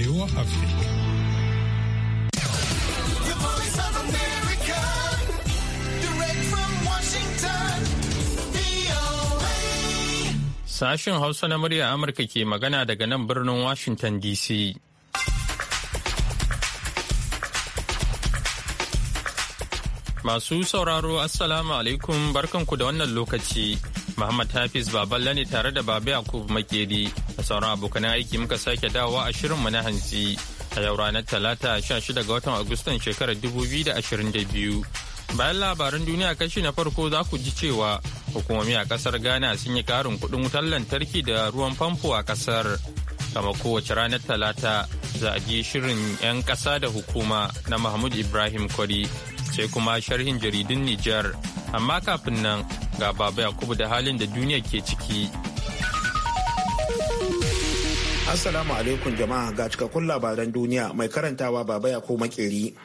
VOA Africa. Sashen Hausa na murya Amurka ke magana daga nan birnin Washington DC. Masu sauraro, Assalamu alaikum barkanku da wannan lokaci. Muhammad Hafiz Baballe ne tare da Baba Yakub Makeri a sauran abokan aiki muka sake dawowa a shirin mu na hantsi a yau ranar Talata 16 ga watan Agustan shekarar 2022. Bayan labaran duniya kashi na farko za ku ji cewa hukumomi a kasar Ghana sun yi karin kuɗin wutar lantarki da ruwan famfo a kasar. Kama kowace ranar Talata za a ji shirin 'yan ƙasa da hukuma na Mahmud Ibrahim Kwari sai kuma sharhin jaridun Nijar. Amma kafin nan ga Baba Yakubu da halin da duniya ke ciki. Assalamu alaikum jama'a ga cikakkun labaran duniya mai karantawa Baba Yakubu Makeri.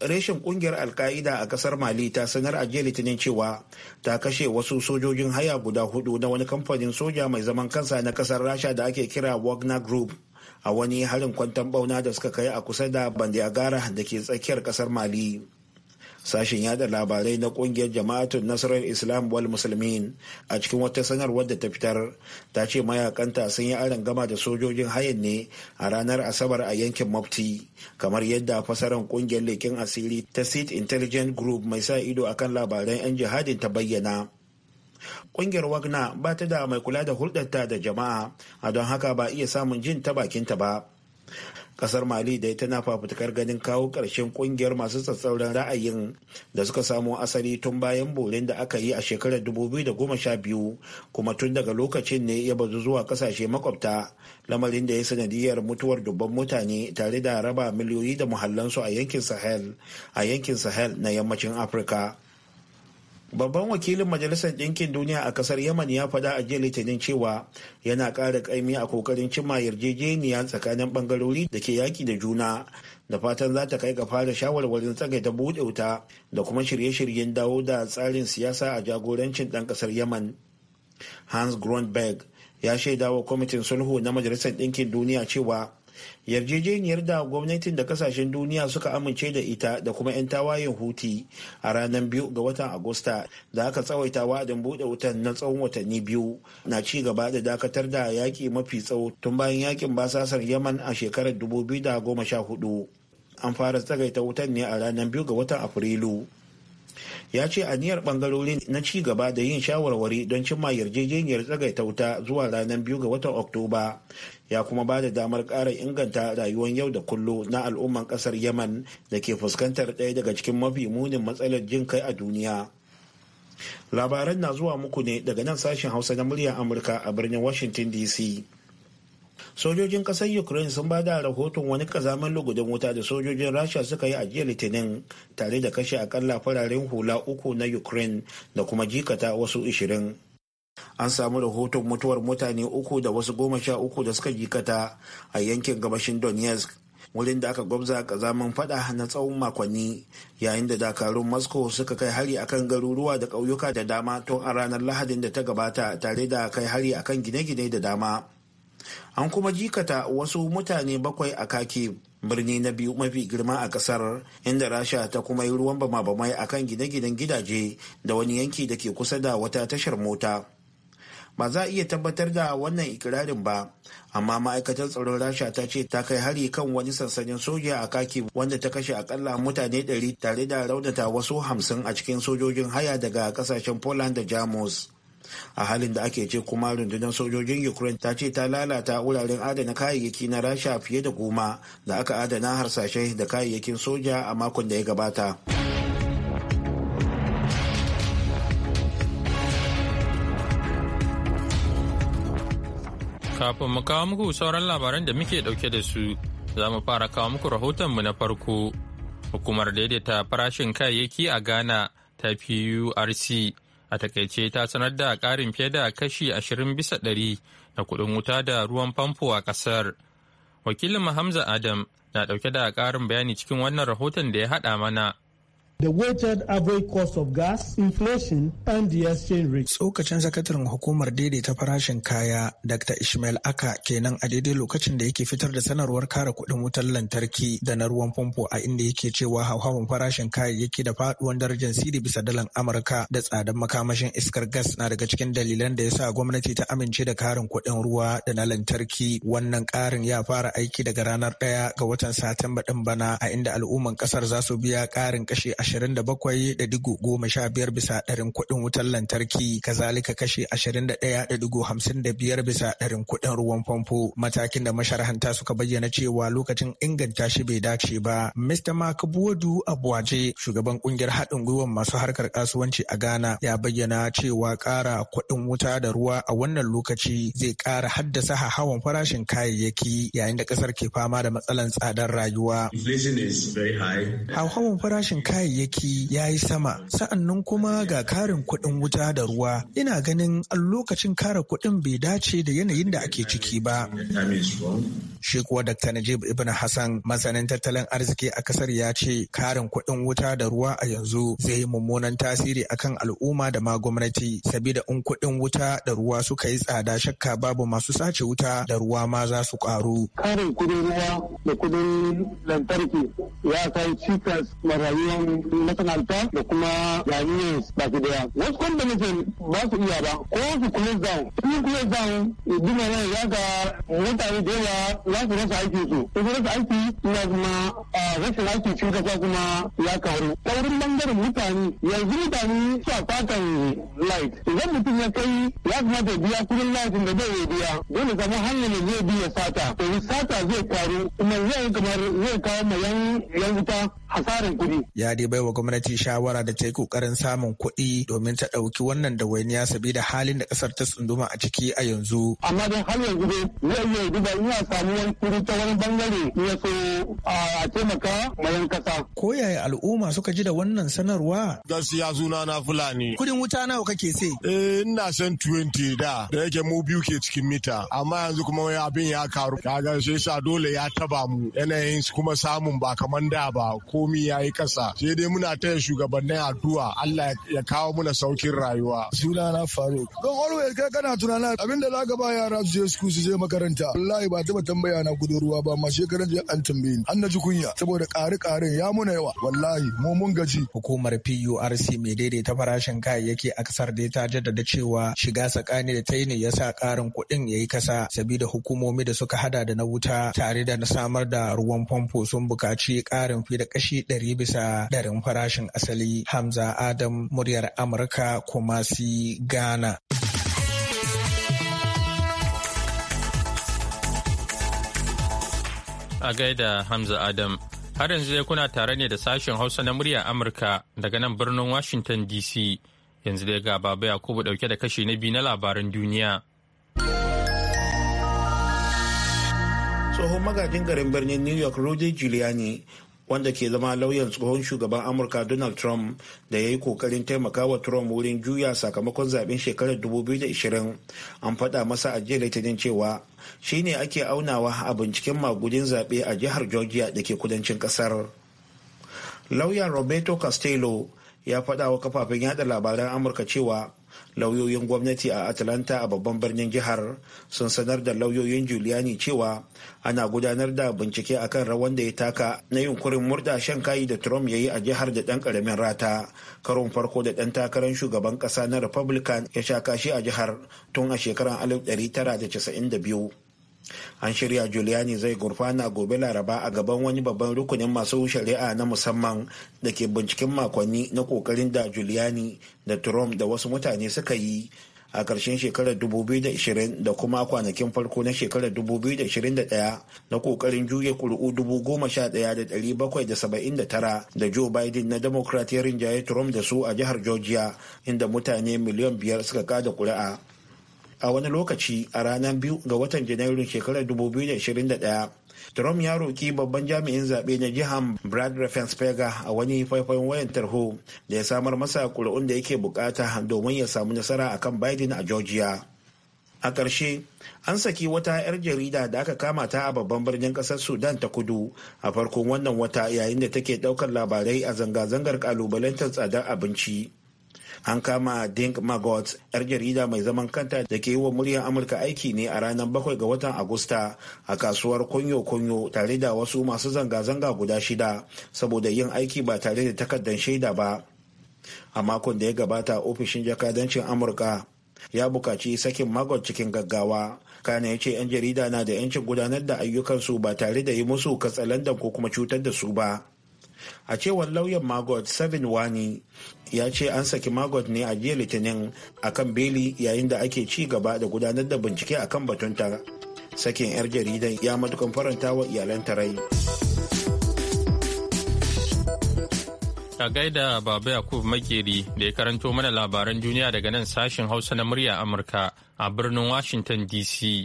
Reshin kungiyar Alka'ida a kasar Mali ta sanar a jiya Litinin cewa ta kashe wasu sojojin haya guda hudu na wani kamfanin soja mai zaman kansa na kasar Rasha da ake kira Wagner Group. a wani harin kwantan bauna da suka kai a kusa da bandiagara da ke tsakiyar kasar mali sashen yada labarai na kungiyar jama'atun nasarar islam wal musulmin a cikin wata sanarwar da ta fitar ta ce mayakanta sun yi aron gama da sojojin hayan ne a ranar asabar a yankin mafti kamar yadda fasaran kungiyar leken asiri ta state intelligence group mai sa ido a kan labaran 'yan jihadin ta bayyana kungiyar wagna ba ta da mai kula da hulɗarta da jama'a a don haka ba iya samun jin ta bakinta ba kasar mali dai tana fafutukar ganin kawo karshen kungiyar masu tsatsauran ra'ayin da suka samo asali tun bayan borin da aka yi a shekarar 2012 kuma tun daga lokacin ne ya bazu zuwa kasashe makwabta lamarin da ya sanadiyar mutuwar dubban mutane tare da raba miliyoyi da muhallansu a yankin sahel a yankin sahel na yammacin afirka babban wakilin majalisar ɗinkin duniya a ƙasar yaman ya faɗa a jiya litinin cewa yana ƙara ƙaimi a ƙoƙarin cimma yarjejeniya tsakanin ɓangarori da ke yaƙi da juna da fatan za ta kai ga fara shawarwarin tsagaita buɗe wuta da kuma shirye-shiryen dawo da tsarin siyasa a jagorancin ɗan ƙasar yaman hans grundberg ya shaidawa kwamitin sulhu na majalisar ɗinkin duniya cewa yarjejeniyar da gwamnatin da kasashen duniya suka amince da ita da kuma 'yan tawayen huti a ranar biyu ga watan agusta da aka tsawaita wa'adin buɗe wutan na tsawon watanni biyu na ci gaba da dakatar da yaƙi mafi tsawo tun bayan yakin basasar yaman a shekarar 2014 an fara tsagaita wutan ne a ranar biyu ga watan afrilu ya ce aniyar bangarorin na ci gaba da yin shawarwari don cimma yarjejeniyar tsagaita wuta zuwa ranar biyu ga watan oktoba ya kuma ba da damar ƙara inganta rayuwar yau da kullu na al'umman ƙasar yaman da ke fuskantar ɗaya daga cikin mafi munin matsalar jin kai a duniya labaran na zuwa muku ne daga nan sashen hausa na muryar amurka a birnin washington dc sojojin kasar ukraine sun bada rahoton wani kazaman lugudin wuta da sojojin rasha suka yi a jiya litinin tare da kashe akalla fararen hula uku na ukraine da kuma jikata wasu ishirin an samu rahoton mutuwar mutane uku da wasu goma sha uku da suka jikata a yankin gabashin donetsk wurin da aka gwabza kazaman fada na tsawon makonni yayin da dakarun moscow suka kai hari akan garuruwa da ƙauyuka da dama tun a ranar lahadin da ta gabata tare da kai hari akan gine-gine da dama an kuma jikata wasu mutane bakwai a kake birni na biyu mafi girma a kasar inda rasha ta kuma yi ruwan bama-bamai a kan gine-ginen gidaje da wani yanki da ke kusa da wata tashar mota ba za a iya tabbatar da wannan ikirarin ba amma ma'aikatar tsaron rasha ta ce ta kai hari kan wani sansanin soja a kaki wanda ta kashe akalla mutane 100 tare da raunata wasu 50 a cikin sojojin haya daga kasashen poland da jamus a halin da ake ce kuma rundunar sojojin ukraine ta ce ta lalata wuraren adana kayayyaki na rasha fiye da goma da aka adana harsashe da kayayyakin soja a makon da ya gabata kafin mu kawo muku sauran labaran da muke dauke da su za mu fara kawo muku rahotonmu na farko hukumar daidaita farashin kayayyaki a ghana ta urc. a takaice ta sanar da ƙarin fiye da kashi 20 bisa ɗari na kuɗin wuta da ruwan famfo a ƙasar. Wakilin Hamza Adam na ɗauke da ƙarin bayani cikin wannan rahoton da ya haɗa mana the weighted average cost of gas, inflation, and the exchange rate. Tsokacin sakataren hukumar daidaita farashin kaya Dr. Ishmael Aka kenan a daidai lokacin da yake fitar da sanarwar kare kuɗin wutar lantarki da na ruwan famfo a inda yake cewa hauhawan farashin kayayyaki da faɗuwar darajar siri bisa dalan Amurka da tsadar makamashin iskar gas na daga cikin dalilan da ya sa gwamnati ta amince da karin kuɗin ruwa da na lantarki. Wannan ƙarin ya fara aiki daga ranar ɗaya ga watan Satumba ɗin bana a inda al'umman ƙasar za su biya ƙarin kashe ashirin da bakwai da digo goma sha biyar bisa ɗarin kuɗin wutar lantarki kazalika kashe ashirin da ɗaya da digo hamsin da biyar bisa ɗarin kuɗin ruwan famfo matakin da masharhanta suka bayyana cewa lokacin inganta shi bai dace ba. Mr. Mark Buwadu Abuwaje shugaban kungiyar haɗin gwiwar masu harkar kasuwanci a Ghana ya bayyana cewa ƙara kuɗin wuta da ruwa a wannan lokaci zai ƙara haddasa hawan farashin kayayyaki yayin da ƙasar ke fama da matsalar tsadar rayuwa. Hauhawan farashin kayayyaki kayayyaki ya yi sama sa'annan kuma ga karin kuɗin wuta da ruwa ina ganin a lokacin kara kuɗin bai dace da yanayin da ake ciki ba shi kuwa dr najib ibn hassan masanin tattalin arziki a kasar ya ce karin kuɗin wuta da ruwa a yanzu zai yi mummunan tasiri akan al'umma da ma gwamnati sabida in kuɗin wuta da ruwa suka yi tsada shakka babu masu sace wuta da ruwa ma za su ƙaru karin kuɗin ruwa da kuɗin lantarki ya kai cikas na rayuwar masana'anta da kuma jami'in baki daya wasu kwamfanin ba su iya ba ko su kuma zan su kuma zan dina yana ya ga mutane da yawa za su rasa aiki su su rasa aiki suna kuma rashin aiki cikin kasa kuma ya karu ta wurin bangaren mutane yanzu mutane su a fatan light idan mutum ya kai ya kamata biya kudin light da zai biya dole zama hanyar da zai biya sata to sata zai karu kuma zai kamar zai kawo ma yan wuta hasarin kudi Ya dai bai wa gwamnati shawara da ta yi kokarin samun kuɗi domin ta ɗauki wannan dawainiya sabida halin da ƙasar ta tsunduma a ciki a yanzu. Amma dai har yanzu dai zai yi duba ina samu wani kudi ta wani bangare ya so a taimaka mayan kasa. Ko yaya al'umma suka ji da wannan sanarwa? Gaskiya suna na Fulani. Kudin wuta nawa kake se? Eh ina san 20 da da yake mu biyu ke cikin mita amma yanzu kuma wani abin ya karu. Kaga sai sa dole ya taba mu yanayin kuma samun ba kaman da ba ko komi ya yi ƙasa sai dai muna taya shugabannin addu'a Allah ya kawo muna saukin rayuwa. Sunana faru. Don always kai kana tunana abinda za ka ba yara su je su su je makaranta. Wallahi ba ta tambaya na kudin ruwa ba amma shekaran jiya an tambaye ni. An na kunya saboda ƙari ƙarin ya muna yawa. Wallahi mu mun gaji. Hukumar PURC mai daidaita farashin kayayyaki a kasar dai ta jaddada cewa shiga tsakani da ta yi ne ya sa ƙarin kuɗin ya yi kasa sabida hukumomi da suka hada da na wuta tare da na samar da ruwan famfo sun buƙaci ƙarin fi da kashi kashi ɗari bisa ɗarin farashin asali Hamza Adam muryar Amurka kuma si Ghana. A gaida Hamza Adam, har yanzu dai kuna tare ne da sashen Hausa na muryar Amurka daga nan birnin Washington DC. Yanzu dai ga Baba Yakubu ɗauke da kashi na biyu na labaran duniya. tsohon magajin garin birnin new york rudy giuliani wanda ke zama lauyan tsohon shugaban amurka donald trump da ya yi kokarin taimaka wa trump wurin juya sakamakon zaben shekarar 2020 an faɗa masa a jiya litinin cewa ne ake aunawa a binciken magudin zaɓe a jihar georgia da ke kudancin ƙasar lauyan roberto castello ya faɗa wa kafafen yada labaran amurka cewa lauyoyin gwamnati a atlanta a babban birnin jihar sun sanar da lauyoyin giuliani cewa ana gudanar da bincike akan rawan da ya taka na yunkurin murda shan kayi da trump ya yi a jihar da dan karamin rata karon farko da dan takarar shugaban kasa na republican ya sha kashi a jihar tun a shekarar 1992 an shirya Giuliani zai gurfana gobe laraba a gaban wani babban rukunin masu shari'a na musamman da ke binciken makonni na kokarin da Giuliani da Trump da wasu mutane suka yi a ƙarshen shekarar 2020 da kuma kwanakin farko na shekarar 2021 na ƙoƙarin juya ƙuri'u 11,779 da Joe Biden na Democrat ya rinjaye Trump da su a jihar Georgia inda mutane miliyan biyar suka kada kuri'a. a wani lokaci a ranar biyu ga watan janairun shekarar 2021 Trump ya roƙi babban jami'in zaɓe na jihar Brad Raffensperger a wani faifan wayan tarho da ya samar masa ƙuri'un da yake bukata domin ya samu nasara a kan Biden a Georgia. A ƙarshe, an saki wata 'yar jarida da aka kama ta a babban birnin ƙasar Sudan ta kudu a farkon wannan wata yayin da take ɗaukar labarai a zanga-zangar ƙalubalantar tsadar abinci. an kama dink magot yar jarida mai zaman kanta da ke yi wa muryar amurka aiki ne a ranar bakwai ga watan agusta a kasuwar kunyo-kunyo tare da wasu masu zanga-zanga guda shida saboda yin aiki ba tare da takardar shaida ba a makon da ya gabata ofishin jakadancin amurka ya bukaci sakin magot cikin gaggawa kana ya ce 'yan jarida na da 'yancin gudanar da ayyukansu ba tare da yi musu katsalandan ko kuma cutar da su ba a cewar lauyan magot seven wani ya ce an saki magot ne a jiya litinin akan beli yayin da ake ci gaba da gudanar da bincike a akan batunta sakin 'yar jaridan ya matukan faranta wa iyalan rai. a gaida baba yakub makeri da ya karanto mana labaran duniya daga nan sashen hausa na murya amurka a birnin washington dc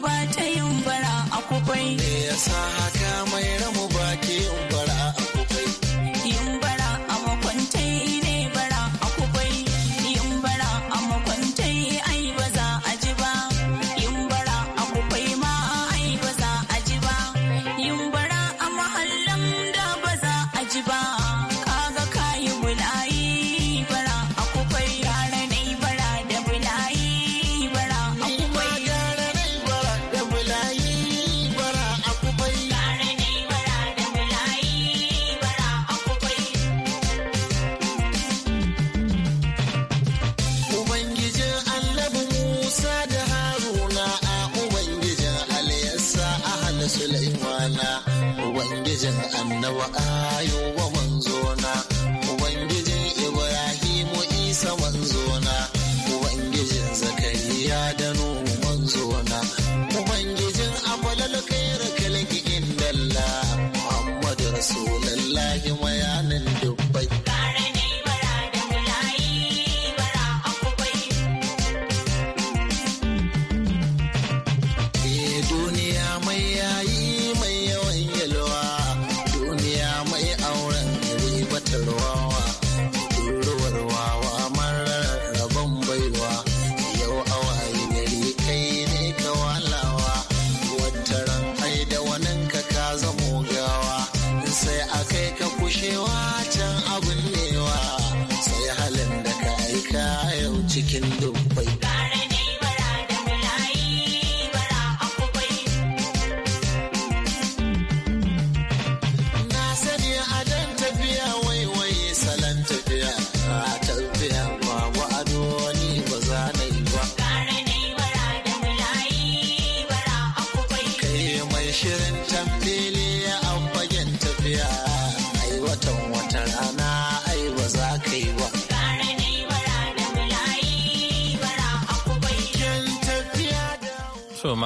ba ta yin bara a kubai Me yasa haka mai rama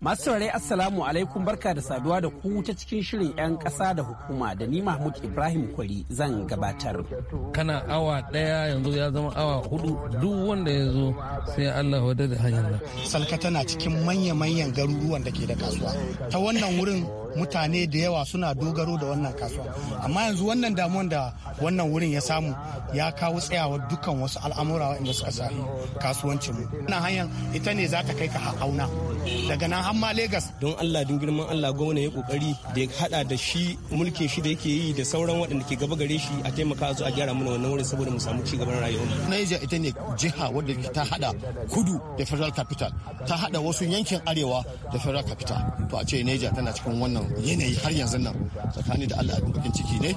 Masu saurare Assalamu alaikum barka da saduwa da ku ta cikin shirin 'yan ƙasa da hukuma da ni Mahmud Ibrahim Kwari zan gabatar. Kana awa ɗaya yanzu ya zama awa hudu duk wanda ya zo sai Allah wadar da hanyar Salka tana cikin manya-manyan garuruwan da ke da kasuwa. Ta wannan wurin mutane da yawa suna dogaro da wannan kasuwa amma yanzu wannan damuwan da wannan wurin ya samu ya kawo tsayawa dukkan wasu al'amura waɗanda suka sami kasuwancin mu wannan hanyar ita ne za ta kai ka auna daga nan har ma Legas don Allah don girman Allah gwamna ya kokari da ya hada da shi mulkin shi da yake yi da sauran waɗanda ke gaba gare shi a taimaka su a gyara mana wannan wurin saboda mu samu ci gaban rayuwar Niger ita ne jiha wadda ta hada kudu da federal capital ta hada wasu yankin arewa da federal capital to a ce Niger tana cikin wannan wannan yanayi har yanzu nan tsakani da Allah abin bakin ciki ne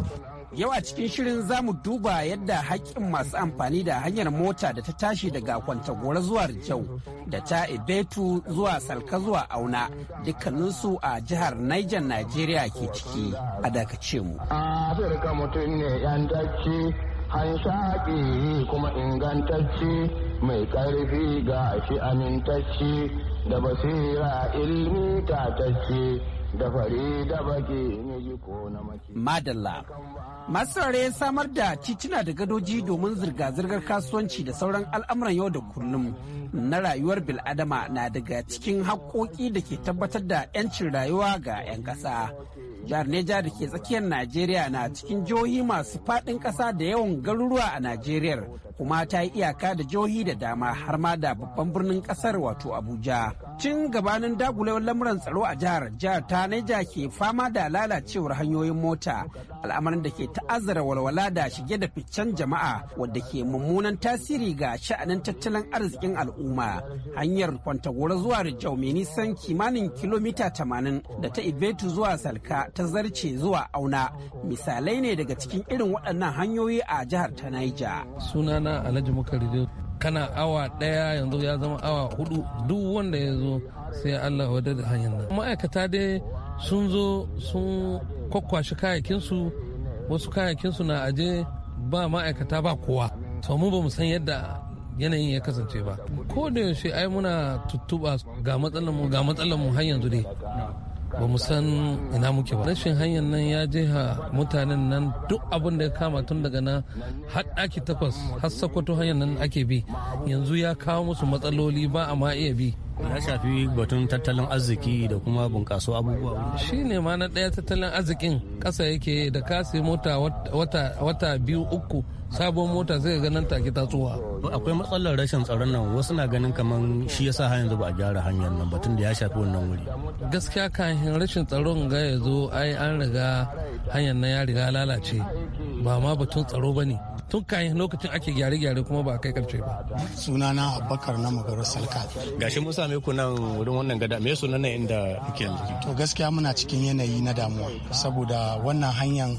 yawa cikin shirin zamu duba yadda haƙƙin masu amfani da hanyar mota da ta tashi daga kwantagora zuwa Rijau da ta Ibetu zuwa Salka zuwa Auna dukkaninsu a jihar Niger Najeriya ke ciki a dakace mu. Afirka mutum ne kuma ingantacce mai ƙarfi ga shi da basira ilmi Madalla. Masu saurare samar da tituna da gadoji domin zirga-zirgar kasuwanci da sauran al'amuran yau da kullum na rayuwar bil'adama na daga cikin haƙƙoƙi da ke tabbatar da 'yancin rayuwa ga 'yan ƙasa. Jihar Neja da ke tsakiyar Najeriya na cikin jihohi masu faɗin ƙasa da yawan garuruwa a Najeriya kuma ta yi iyaka da jihohi da dama har ma da babban birnin ƙasar wato Abuja. tun gabanin dagulewar lamuran tsaro a jihar, jihar ta Neja ke fama da lalacewar hanyoyin mota, al'amarin da ke ta'azzara walwala da shige da ficcen jama'a wadda ke mummunan tasiri ga sha'anin tattalin arzikin al'umma. Hanyar Kwantagora zuwa Rijau mai nisan kimanin kilomita tamanin da ta Ibetu zuwa Salka ta zarce zuwa Auna. Misalai ne daga cikin irin waɗannan hanyoyi a jihar ta Naija. Sunana Alhaji Mukari kana awa ɗaya yanzu ya zama awa hudu duk wanda ya zo sai allah wada da hanyar nan ma'aikata dai sun zo sun kwakwashi kayakinsu wasu kayakinsu na aje ba ma'aikata ba kowa to mu ba mu san yadda yanayin ya kasance ba ko da yaushe ai muna tuttuba ga matsalar mu ga matsalar mu har yanzu dai ba mu san ina muke ba rashin hanyar nan ya jiha mutanen nan duk abin da ya kama tun daga na haɗaki takwas har sakwato hanyar nan ake bi yanzu ya kawo musu matsaloli ba a ma iya bi ya shafi batun tattalin arziki da kuma bunƙasa abubuwa shi ne ma na ɗaya tattalin arzikin ƙasa yake da kasi mota wata biyu uku sabon mota zai ganin nan take tatsuwa akwai matsalar rashin tsaron nan wasu na ganin kamar shi ya sa yanzu ba a gyara hanyar nan batun da ya shafi wannan wuri gaskiya kan rashin tsaron ga ya zo ai an riga hanyar nan ya riga lalace ba ma batun tsaro ba ne tun kayan lokacin ake gyare-gyare kuma ba kai karfe ba. sunana abubakar na magaru salka gashi mun same ku nan wurin wannan gada me sunan nan inda yanzu. to gaskiya muna cikin yanayi na damuwa saboda wannan hanyar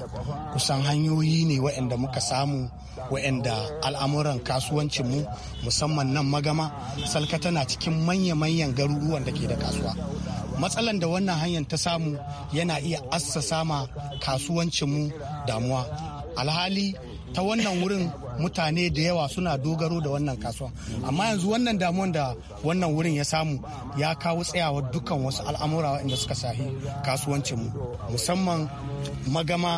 kusan hanyoyi ne waɗanda muka samu waɗanda al'amuran kasuwancin mu musamman nan magama salka tana cikin manya-manyan garuruwan da ke da kasuwa matsalan da wannan hanyar ta samu yana iya assasa ma mu damuwa alhali ta wannan wurin mutane da yawa suna dogaro da wannan kasuwa amma yanzu wannan damuwan da wannan wurin ya samu ya kawo tsayawa dukkan wasu al'amura waɗanda suka shahi kasuwancinmu musamman magama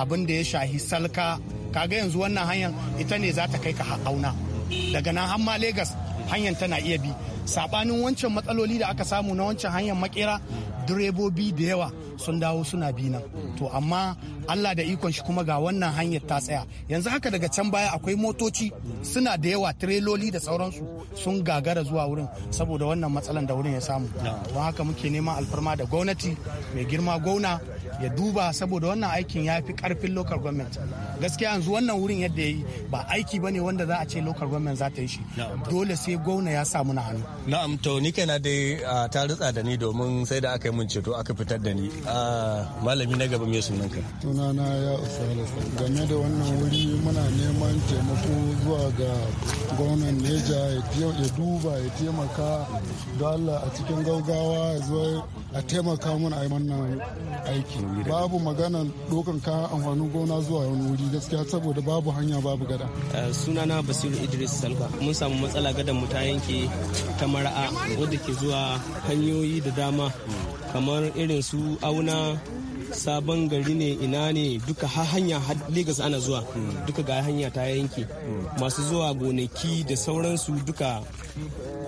abin da ya shahi salka kaga yanzu wannan hanyar ita ne za ta kai ka auna daga nan har ma legas hanyar tana iya bi sabanin wancan matsaloli da aka samu na wancan hanyar makera direbobi da yawa sun dawo suna bina to amma allah da ikon shi kuma ga wannan hanyar ta tsaya yanzu haka daga can baya akwai motoci suna da yawa tireloli da sauransu sun gagara zuwa wurin saboda wannan matsalan da wurin ya samu don haka muke neman alfarma da gwamnati mai girma gwamna. ya duba saboda wannan aikin ya fi karfin local government gaskiya yanzu wannan wurin yadda ya yi ba aiki ba ne wanda za a ce local government za ta yi shi dole sai gwamna ya samu na hannu na'am to ni na dai ta ritsa da ni domin sai da aka yi mun ceto aka fitar da ni malami na gaba mai sunan ka ya usala game da wannan wuri muna neman taimako zuwa ga gwamnan neja ya duba ya taimaka don allah a cikin gaugawa ya zo a taimaka mana a yi wannan aiki wuri babu magana dokan kayan amfanin gona zuwa wani wuri gaskiya saboda babu hanya babu gada eh, sunana basiru idris salga mun samu matsala gadan mu ta yanke ta mara'a wadda ke zuwa hanyoyi da dama kamar irin su auna sabon gari ne ina ne duka ha hanya Legas ana zuwa duka ga hanya ta yanke masu zuwa gonaki da sauransu duka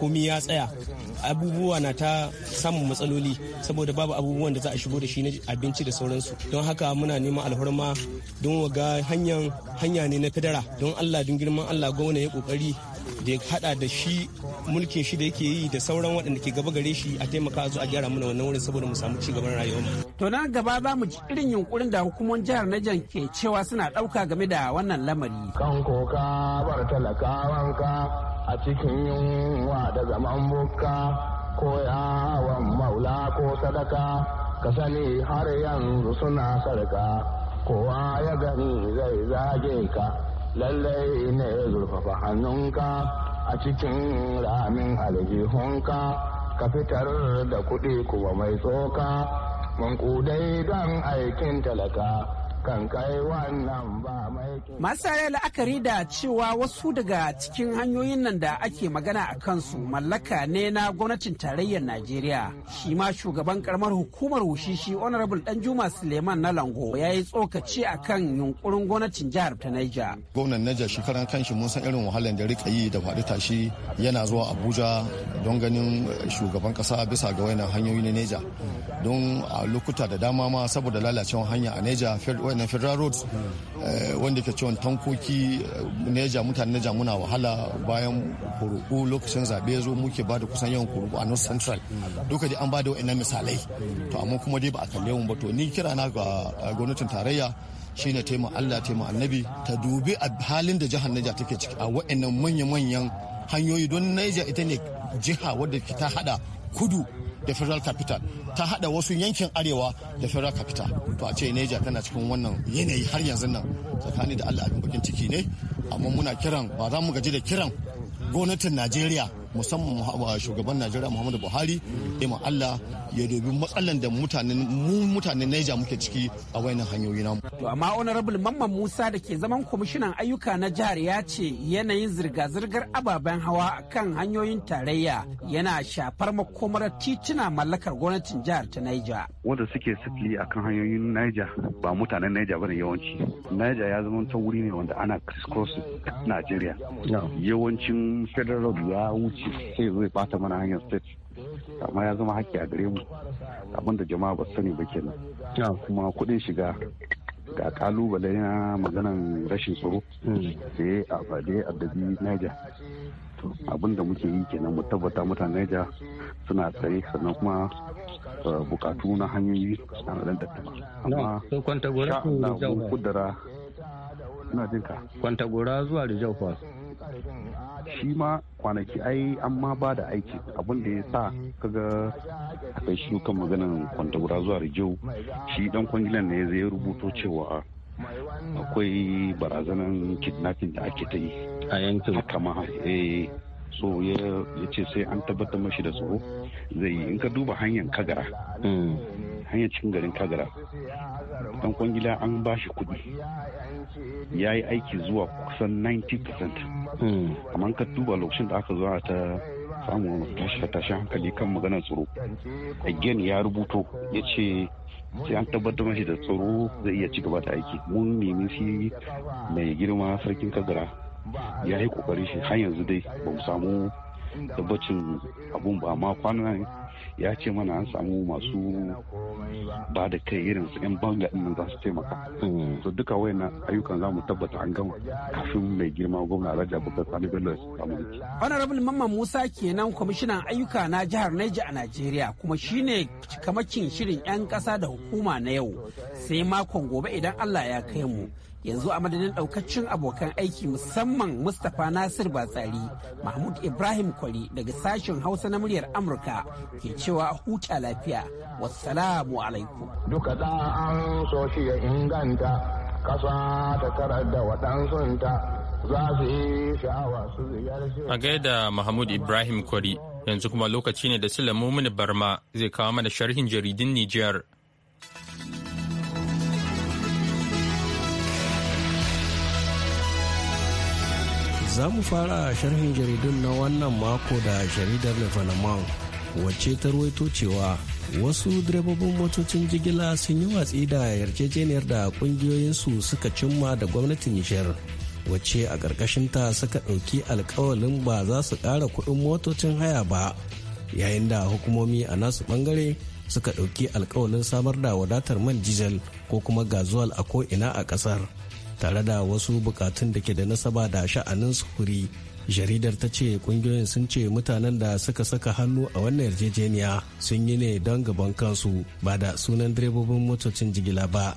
komi ya tsaya abubuwa na ta samun matsaloli saboda babu abubuwan da za a shigo da shi na abinci da sauransu don haka muna neman alhorma don waga hanyar hanya ne na fidara don allah don girman allah gwamna ya kokari da ya hada da shi mulkin shi da yake yi da sauran waɗanda ke gaba gare shi a taimaka zuwa a gyara mana wannan wurin saboda mu samu cigaban rayuwar to na gaba za mu ji irin yunkurin da hukumomin jihar najan ke cewa suna ɗauka game da wannan lamari kan koka bar talakawanka a cikin yunwa da zaman bukka ko yawon maula ko sadaka ka sani har yanzu suna sarka kowa ya gani zai zage ka lallai ne zurfafa hannunka a cikin ramin aljihunka ka fitar da kuɗi kuma mai tsoka mun don aikin talaka kan kai la'akari da cewa wasu daga cikin hanyoyin nan da ake magana a kansu mallaka ne na gwamnatin tarayyar Najeriya. Shi ma shugaban karamar hukumar Wushishi Honorable Danjuma Suleiman na Lango ya yi tsokaci a kan yunkurin gwamnatin jihar ta Naija. Gwamnan Naija shekaran kanshi mun san irin wahalar da rika yi da faɗi tashi yana zuwa Abuja don ganin shugaban kasa bisa ga wayannan hanyoyi na Naija. Don a lokuta da dama ma saboda lalacewar hanya a Naija wannan federal roads eh, wanda ke cewa tankoki eh, neja mutane na muna wahala bayan kuruku lokacin zaɓe zo muke ba da kusan yawan kuruku a north central duka dai an ba da wa'annan misalai to amma kuma dai ba a kalle mu ba to ni kira na ga eh, gwamnatin tarayya shine taimon allah taimon annabi ta dubi a halin da jihar neja take ciki a wa'annan manya-manyan hanyoyi don neja ita ne jiha wadda ta hada kudu da federal capital ta hada wasu yankin arewa da federal capital to a ce neja tana cikin wannan yanayi har yanzu nan tsakani da allah abin bakin ciki ne amma muna kiran ba za mu gaji da kiran gwamnatin najeriya musamman shugaban najeriya muhammadu buhari ima allah ya dobi matsalan da mutanen mu mutanen naija muke ciki a wayannan hanyoyi namu to amma honorable mamman musa da ke zaman kwamishinan ayyuka na jihar ya ce yanayin zirga-zirgar ababen hawa kan hanyoyin tarayya yana shafar makomar tituna mallakar gwamnatin jihar ta naija wanda suke sifili akan hanyoyin naija ba mutanen naija bane yawanci naija ya zama ta wuri ne wanda ana crisscross najeriya yawancin federal road ya wuce sai zai bata mana hanyar state amma ya zama haƙƙi a gare mu abinda jama'a ba sani ba kenan kuma kuɗin shiga ga kalubale na maganan rashin tsaro hmm. sai a fade addabi naija abinda da muke yi kenan mu tabbata mutane naija suna tsaye sannan kuma eh, bukatu na hanyoyi na da tattaba amma na kudura ina jinka kwanta gora zuwa rijau fa shi ma kwanaki ai an ma ba da aiki abin da ya sa kaga akai shi kan maganan kwantagura zuwa rijau shi dan kwangilan ne zai rubuto cewa akwai barazanan kidnapping da ake ta yi a yankin kama eh so ya ce sai an tabbatar mashi da tsoro zai yi in ka duba hanyar kagara hmm. hanyar cikin garin kagara dan kwangila an ba shi kuɗi ya yi aiki zuwa kusan 90% hmm. amma ka duba lokacin da aka zuwa ta samu tashi hankali kan maganar tsaro again ya rubuto ya ce sai an tabbatar mashi da tsaro zai iya cigaba da aiki mun nemi shi mai girma sarkin kagara ya yi kokari shi har yanzu dai ba mu samu tabbacin abun ba amma kwanan ya ce mana an samu masu ba da kai irin su 'yan banga ɗin za su taimaka mm. to duka wayannan ayyukan zamu tabbata an gama kafin mai girma gwamna alhaji Bukar sani bello ya samu honorable mamman musa kenan kwamishinan ayyuka na jihar neja a najeriya kuma shine cikamakin shirin 'yan kasa da hukuma na yau sai makon gobe idan allah ya kai mu yanzu a madadin daukacin abokan aiki musamman mustapha nasir batsari mahmud ibrahim kwari daga sashen hausa na muryar amurka ke cewa huta lafiya wassalamu alaikum duka an so shi ya inganta kasa ta karar da waɗansunta za su yi sha'awa su ziyarci a gaida mahmud ibrahim kwari yanzu kuma lokaci ne da mini barma zai kawo mana sharhin jaridin nijar Za mu fara sharhin jaridun na wannan mako da jaridar Lefanaman wacce ta ruwaito cewa wasu direbobin motocin jigila sun yi watsi da yarjejeniyar da kungiyoyinsu suka cimma da gwamnatin Nijar wacce a ta suka ɗauki alkawalin ba za su ƙara kuɗin motocin haya ba yayin da hukumomi a nasu ɓangare suka ɗauki alkawalin samar da wadatar man jijal ko kuma gazuwal a ko'ina a ƙasar tare da wasu bukatun da ke da nasaba da sha'anin sufuri jaridar ta ce kungiyoyin sun ce mutanen da suka saka hannu a wannan yarjejeniya sun yi ne don gaban kansu ba da sunan direbobin motocin jigila ba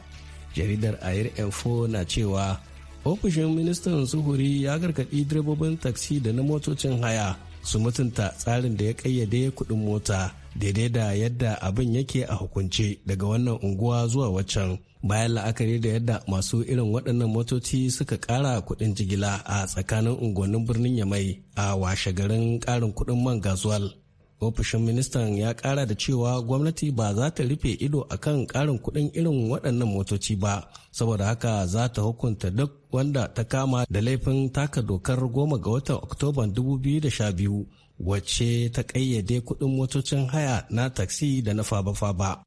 jaridar air info na cewa ofishin ministan suhuri ya gargaɗi direbobin taksi da na motocin haya su mutunta tsarin da ya kayyade kuɗin mota daidai da yadda abin yake a hukunce daga wannan unguwa zuwa waccan bayan la'akari da yadda masu irin waɗannan motoci suka ƙara kuɗin jigila a tsakanin unguwannin birnin yamai a washe garin ƙarin kuɗin man gasuwal ofishin ministan ya kara da cewa gwamnati ba za ta rufe ido a kan karin kudin irin waɗannan motoci ba saboda haka za ta hukunta duk wanda ta kama da laifin taka dokar goma ga watan oktoban 2012 wacce ta ƙayyade kuɗin motocin haya na taksi da na faba-faba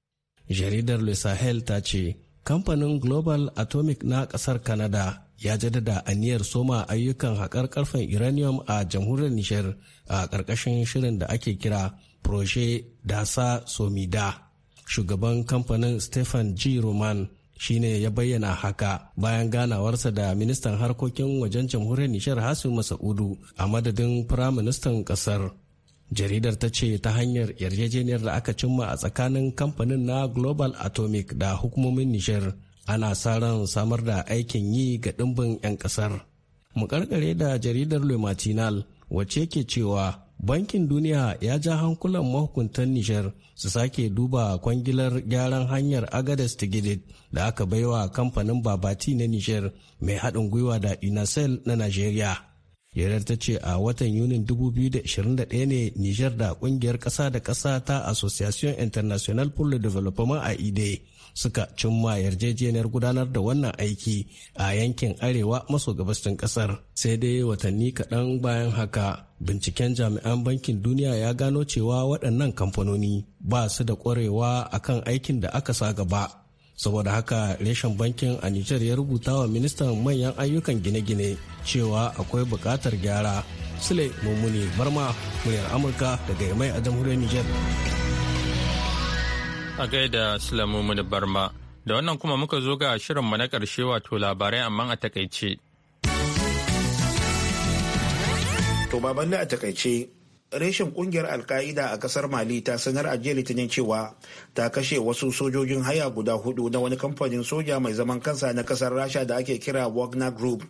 jaridar le sahel ta ce kamfanin global atomic na ƙasar Kanada. ya jaddada aniyar soma ayyukan haƙar ƙarfen uranium a jamhuriyar Nishar a ƙarƙashin shirin da ake kira Proje Dasa Somida. Shugaban kamfanin Stefan G. Roman shine ya bayyana haka bayan ganawarsa da ministan harkokin wajen jamhuriyar Nishar Hasu Masa'udu a madadin firaministan ƙasar. jaridar ta ce ta hanyar yarjejeniyar da aka cimma a tsakanin kamfanin na global atomic da hukumomin nijar ana sa ran samar da aikin yi ga ɗimbin 'yan ƙasar. Mu karkare da jaridar Le Matinal wacce ke cewa Bankin Duniya ya ja hankulan mahukuntan Nijar su sake duba kwangilar gyaran hanyar agadas Tigidit da aka baiwa kamfanin Babati na Nijar mai haɗin gwiwa da Inasel na Najeriya. Yarar ta ce a watan Yunin 2021 ne Nijar da ƙungiyar ƙasa da ƙasa ta Association International pour Development a IDE suka cimma yarjejeniyar gudanar da wannan aiki a yankin arewa maso gabashin kasar sai dai watanni kaɗan bayan haka binciken jami'an bankin duniya ya gano cewa waɗannan kamfanoni ba su da ƙwarewa kan aikin da aka sa gaba saboda haka reshen bankin a nijar ya rubuta wa ministan manyan ayyukan gine-gine cewa akwai buƙatar gyara sule mummuni barma muryar amurka daga yamai a jamhuriyar nijar A gaida Sulamu Barma, da wannan kuma muka zo ga shirinmu na ƙarshe wato labarai amma a takaice. To babanne a takaice, reshen kungiyar alka'ida a kasar mali ta sanar a jiya litinin cewa ta kashe wasu sojojin haya guda hudu na wani kamfanin soja mai zaman kansa na kasar rasha da ake kira wagner group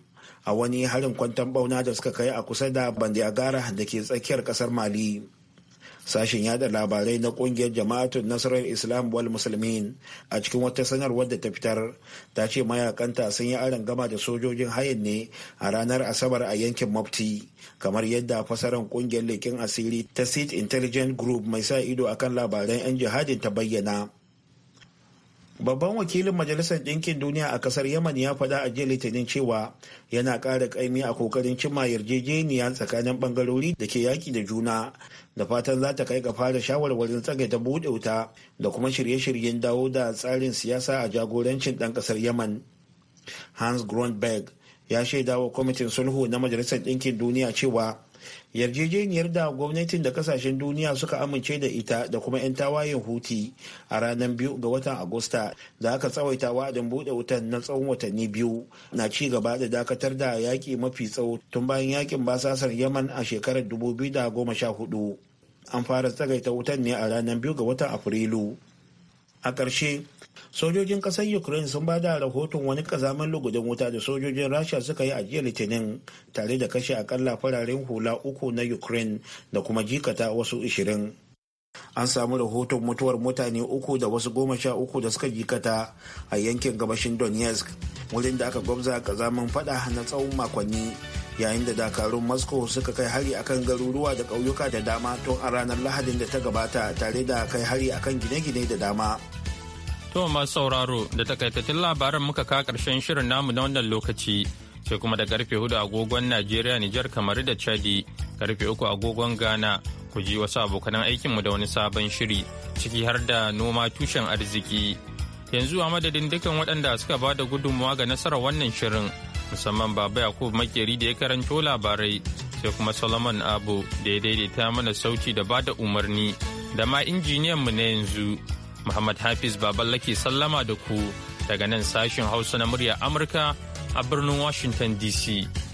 a wani harin kwantan bauna da suka kai a kusa da bandiagara da ke tsakiyar kasar mali sashen yada labarai na kungiyar jama'atun nasarar islam wal musulmin a cikin wata sanarwar da ta fitar ta ce mayakanta sun yi aron gama da sojojin hayan ne a ranar asabar a yankin mafti kamar yadda fasaran kungiyar leƙen asiri ta state intelligence group mai sa ido akan labaran 'yan jihadin ta bayyana Babban wakilin Majalisar Dinkin Duniya a ƙasar Yaman ya faɗa a jiya Litinin cewa yana ƙara ƙaimi a kokarin cimma yarjejeniya tsakanin ɓangarori da ke yaƙi da juna da fatan za ta kai ga fara shawarwarin tsage ta buɗe wuta da kuma shirye-shiryen dawo da tsarin siyasa a jagorancin ɗan ƙasar Yaman. Hans Grundberg ya shaidawa kwamitin sulhu na Majalisar Dinkin Duniya cewa yarjejeniyar da gwamnatin da kasashen duniya suka amince da ita da kuma 'yan tawayen huti a ranar biyu ga watan agusta da aka tsawaita wa'adin bude wutan na tsawon watanni biyu na ci gaba da dakatar da yaƙi mafi tsawo tun bayan yakin basasar yaman a shekarar 2014 an fara tsagaita wutan ne a ranar biyu ga watan afrilu a ƙarshe sojojin kasar ukraine sun ba da rahoton wani kazamin lugudin wuta da sojojin rasha suka yi a jiya litinin tare da kashe akalla fararen hula uku na ukraine da kuma jikata wasu ishirin an samu rahoton mutuwar mutane uku da wasu goma sha uku da suka jikata a yankin gabashin donetsk wurin da aka gwabza kazamin fada na tsawon makonni yayin da dakarun moscow suka kai hari akan garuruwa da ƙauyuka da dama tun a ranar lahadin da ta gabata tare da kai hari akan gine-gine da dama To masu sauraro da takaitattun labaran muka ka karshen shirin namu na wannan lokaci sai kuma da karfe hudu agogon Najeriya Nijar kamar da Chadi karfe uku agogon Ghana ku ji wasu abokan aikinmu da wani sabon shiri ciki har da noma tushen arziki. Yanzu a madadin dukkan waɗanda suka ba da gudunmawa ga nasarar wannan shirin musamman Baba Yakubu Makeri da ya karanto labarai sai kuma Solomon Abu da ya daidaita mana sauti da ba da umarni da ma injiniyan mu na yanzu. Muhammad Hafiz Baballa ke sallama da ku daga nan sashen Hausa na murya Amurka a birnin Washington DC.